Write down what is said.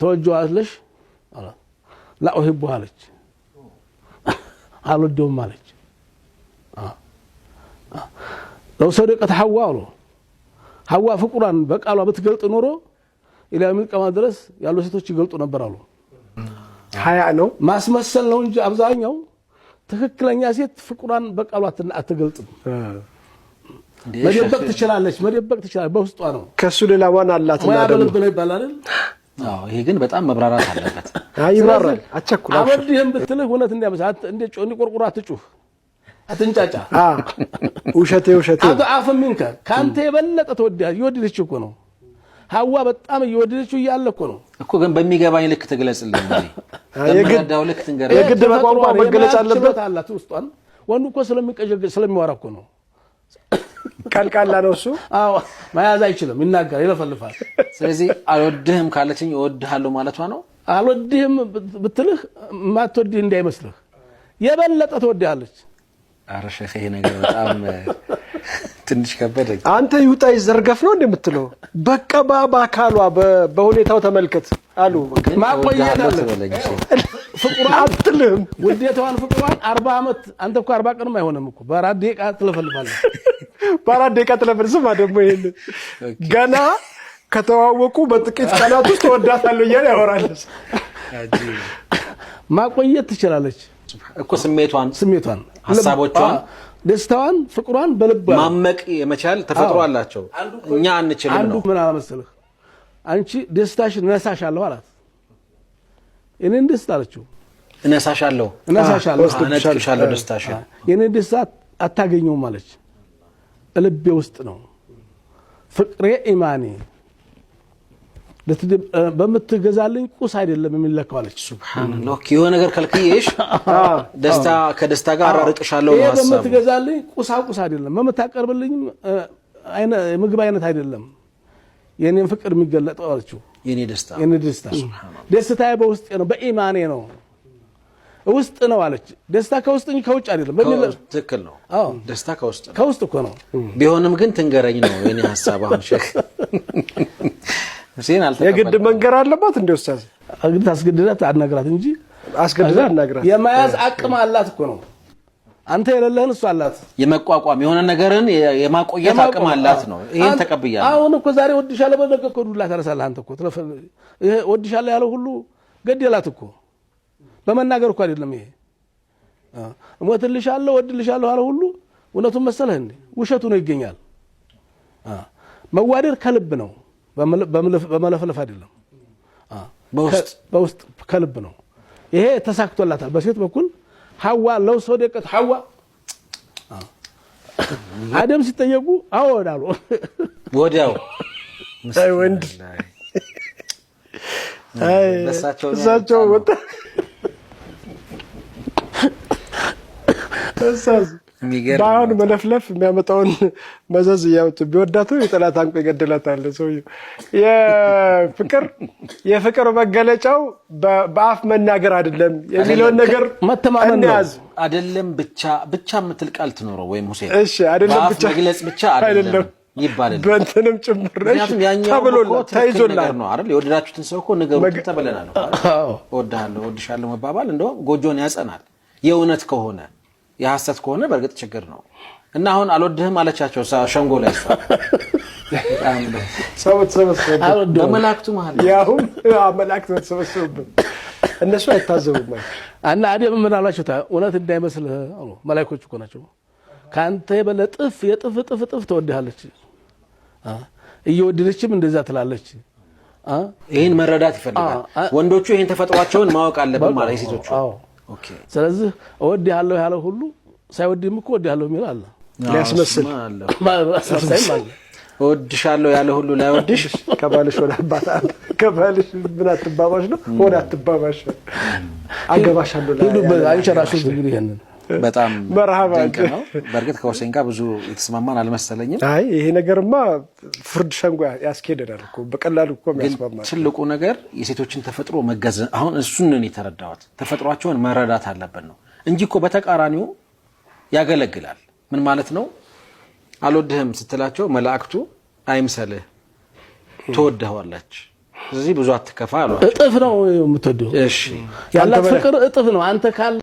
ተወጀዋለሽ አላት። ላ ኡሂቡ አለች፣ አልወደውም አለች። ለው ሰደቀት ሐዋ አሉ ሐዋ ፍቁሯን በቃሏ ብትገልጥ ኖሮ ኢላ ቀማ ድረስ ያሉ ሴቶች ይገልጡ ነበር አሉ። ሀያ ነው ማስመሰል ነው እንጂ አብዛኛው ትክክለኛ ሴት ፍቁሯን በቃሏ አትገልጥም። መደበቅ ትችላለች፣ መደበቅ ትችላለች። በውስጧ ነው። ከእሱ ሌላ ዋና አላት። ሙያ በልብ ነው ይባላል። ይሄ ግን በጣም መብራራት አለበት። ይብራራል። አቸኩል ይህን ብትልህ እውነት እንዲያመሳት እንደ ጮኒ ቆርቁራ አትጩህ፣ አትንጫጫ። ውሸቴ ውሸቴ አቶ አፍ ሚንከ ከአንተ የበለጠ ተወዳጅ ይወድልች እኮ ነው። ሀዋ በጣም እየወደደችው እያለ እኮ ነው እኮ ግን በሚገባኝ ልክ ትግለጽልን፣ የግዳው የግድ በቋንቋ መገለጫ አለበት አላት ውስጧን። ወንዱ እኮ ስለሚቀዥ ስለሚዋራ እኮ ነው ቀልቃላ ነው እሱ። አዎ መያዝ አይችልም፣ ይናገር፣ ይለፈልፋል። ስለዚህ አልወድህም ካለችኝ እወድሃለሁ ማለቷ ነው። አልወድህም ብትልህ ማትወድህ እንዳይመስልህ የበለጠ ትወድሃለች። አረ ሼህ ይሄ ነገር በጣም ትንሽ ከበደ። አንተ ይውጣ ይዘርገፍ ነው እንደምትለው በቃ በአካሏ በሁኔታው ተመልከት አሉ ማቆየት አለ ፍቅሯን አትልህም ውዴታዋን ፍቅሯን አርባ ዓመት አንተ እኮ አርባ ቀንም አይሆንም እኮ በአራት ደቂቃ ትለፈልፋለህ። በአራት ደቂቃ ትለፈል። ስማ ደግሞ ይሄን ገና ከተዋወቁ በጥቂት ቀናት ውስጥ ተወዳታለሁ እያለ ያወራል። ማቆየት ትችላለች እኮ ስሜቷን ስሜቷን፣ ሀሳቦቿን፣ ደስታዋን፣ ፍቅሯን በልባ ማመቅ የመቻል ተፈጥሮ አላቸው። እኛ አንችልም ነው። አንዱ ምን አለ መሰለህ አንቺ ደስታሽ ነሳሻለሁ አላት እኔን ደስ አለችው። እነሳሻለሁ እነሳሻለሁ ደስታሽ የእኔን ደስታ አታገኘውም አለች። ልቤ ውስጥ ነው ፍቅሬ ኢማኔ በምትገዛልኝ ቁስ አይደለም የሚለካው አለች። የሆነ ነገር ከልክዬሽ ደስታ ከደስታ ጋር አራርቅሻለሁ ነው ሀሳቡ። በምትገዛልኝ ቁሳቁስ አይደለም፣ በምታቀርብልኝም ምግብ አይነት አይደለም የኔን ፍቅር የሚገለጠው አለችው። የኔ ደስታ ደስታ ደስታዬ በውስጤ ነው፣ በኢማኔ ነው፣ ውስጥ ነው አለች። ደስታ ከውስጥ ከውጭ አይደለም። በሚል ትክክል ነው። አዎ ደስታ ከውስጥ ነው፣ ከውስጥ እኮ ነው። ቢሆንም ግን ትንገረኝ ነው የኔ ሐሳብ። አሁን ሼክ ሁሴን አልተቀበለ የግድ መንገር አለባት እንደ ኡስታዝ አግድ አስገድዳት አናግራት እንጂ አስገድዳት አናግራት የመያዝ አቅም አላት እኮ ነው አንተ የሌለህን እሱ አላት። የመቋቋም የሆነ ነገርን የማቆየት አቅም አላት ነው። ይሄን ተቀብያለሁ። አሁን እኮ ዛሬ ወድሻለሁ፣ በነገ እኮ ዱላ ታነሳለህ። አንተ እኮ ይሄ ወድሻለሁ ያለው ሁሉ ገደላት እኮ በመናገር እኮ አይደለም። ይሄ እሞትልሻለሁ፣ ወድልሻለሁ ያለው ሁሉ እውነቱን መሰለህ እንዴ? ውሸቱ ነው ይገኛል። መዋደድ ከልብ ነው፣ በመለፈለፍ አይደለም። በውስጥ ከልብ ነው። ይሄ ተሳክቶላታል በሴት በኩል ሀዋ ለውሶ ሰደቀት ሐዋ አደም ሲጠየቁ አዎ ወዳሉ ወዲያው ወንድ እሳቸው ወጣ በአሁን መለፍለፍ የሚያመጣውን መዘዝ እያወጡ ቢወዳቱ የጠላት አንቆ ይገድላታል። ሰውዬው የፍቅር የፍቅር መገለጫው በአፍ መናገር አይደለም የሚለውን ነገር መተማመን አይደለም ብቻ ብቻ የምትል ቃል ትኖረው ወይም ሁሴን አይደለም ብቻ መግለጽ ብቻ አይደለም ይባላል በእንትንም ጭምር ተብሎላት ተይዞላት ነው አይደል? የወደዳችሁትን ሰው እኮ ንገሩት ተብለናል። እወድሃለሁ እወድሻለሁ መባባል እንደውም ጎጆን ያጸናል የእውነት ከሆነ የሀሰት ከሆነ በእርግጥ ችግር ነው እና አሁን አልወድህም አለቻቸው ሸንጎ ላይ መላእክቱ መላእክት ተሰበሰቡብን። እነሱ አይታዘቡም እና አደም ምን አሏቸው? እውነት እንዳይመስልህ አሉ። መላእክቶች እኮ ናቸው። ከአንተ የበለ ጥፍ የጥፍ ጥፍ ጥፍ ትወድሃለች፣ እየወደደችም እንደዛ ትላለች። ይህን መረዳት ይፈልጋል። ወንዶቹ ይህን ተፈጥሯቸውን ማወቅ አለብን ማለት የሴቶቹ ስለዚህ እወድ ያለው ያለው ሁሉ ሳይወድም እኮ ወድ ያለው የሚል አለ ሊያስመስል አስመሳይም አለ እወድሻለሁ ያለ ሁሉ ላይወድሽ ከባልሽ ወደ አባታ ከባልሽ ምን አትባባሽ ነው ወደ አትባባሽ አገባሻለሁ አንቺ ራሱ እንግዲህ ይሄንን በጣም መርሃባ ነው። በእርግጥ ከወሰኝ ጋር ብዙ የተስማማን አልመሰለኝም። አይ ይሄ ነገርማ ፍርድ ሸንጎ ያስኬደናል እኮ በቀላሉ እኮ የሚያስማማ ትልቁ ነገር የሴቶችን ተፈጥሮ መገዘን። አሁን እሱንን የተረዳሁት ተፈጥሯቸውን መረዳት አለብን ነው እንጂ እኮ በተቃራኒው ያገለግላል። ምን ማለት ነው? አልወድህም ስትላቸው መላእክቱ አይምሰልህ ትወድኸዋለች ስለዚህ ብዙ አትከፋ አሏቸው። እጥፍ ነው የምትወደው ያላት ፍቅር እጥፍ ነው አንተ ካለ